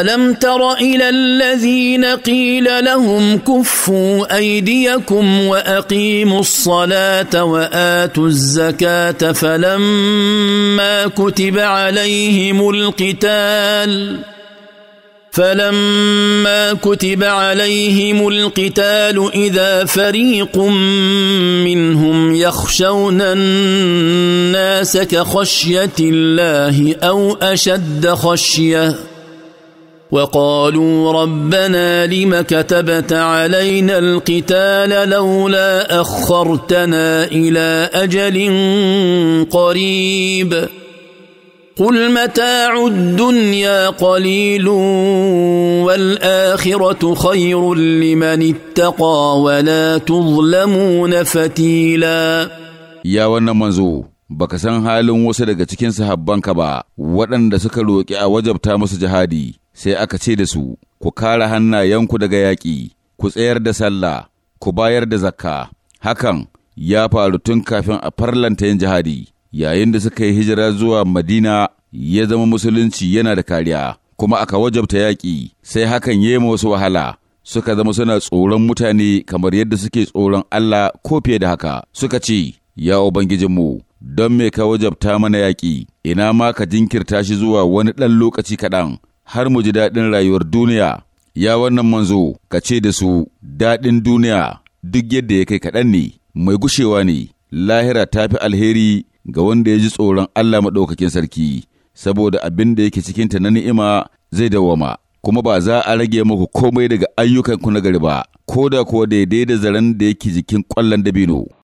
الم تر الى الذين قيل لهم كفوا ايديكم واقيموا الصلاه واتوا الزكاه فلما كتب عليهم القتال فلما كتب عليهم القتال اذا فريق منهم يخشون الناس كخشيه الله او اشد خشيه وقالوا ربنا لم كتبت علينا القتال لولا اخرتنا الى اجل قريب قل متاع الدنيا قليل والاخره خير لمن اتقى ولا تظلمون فتيلا يا wannan منزو بكسان san halin wasu daga cikin sahabbanka ba waɗanda suka roƙi a wajabta musu jihadi sai aka ce da su, Ku kara hannayenku daga yaƙi, ku tsayar da sallah, ku bayar da zakka, hakan ya faru tun kafin a farlanta yin jihadi, yayin da suka yi hijira zuwa Madina ya zama musulunci yana da kariya, kuma aka wajabta yaƙi, sai hakan ya yi wasu wahala. Suka zama suna tsoron mutane kamar yadda suke tsoron Allah ko fiye da haka, suka ce, Ya Ubangijinmu, don me ka wajabta mana yaƙi, ina ma ka jinkirta shi zuwa wani ɗan lokaci kaɗan, har mu ji daɗin rayuwar duniya, ya wannan manzo ka ce da su daɗin duniya duk yadda ya kai kaɗan ne, mai gushewa ne, lahira ta fi alheri ga wanda ya ji tsoron Allah maɗaukakin sarki, saboda abin da yake cikinta na ni'ima zai dawwama. Kuma ba za a rage muku komai daga ayyukanku na gari ba, ko da kuwa daidai da zaren da yake jikin ƙwallon dabino.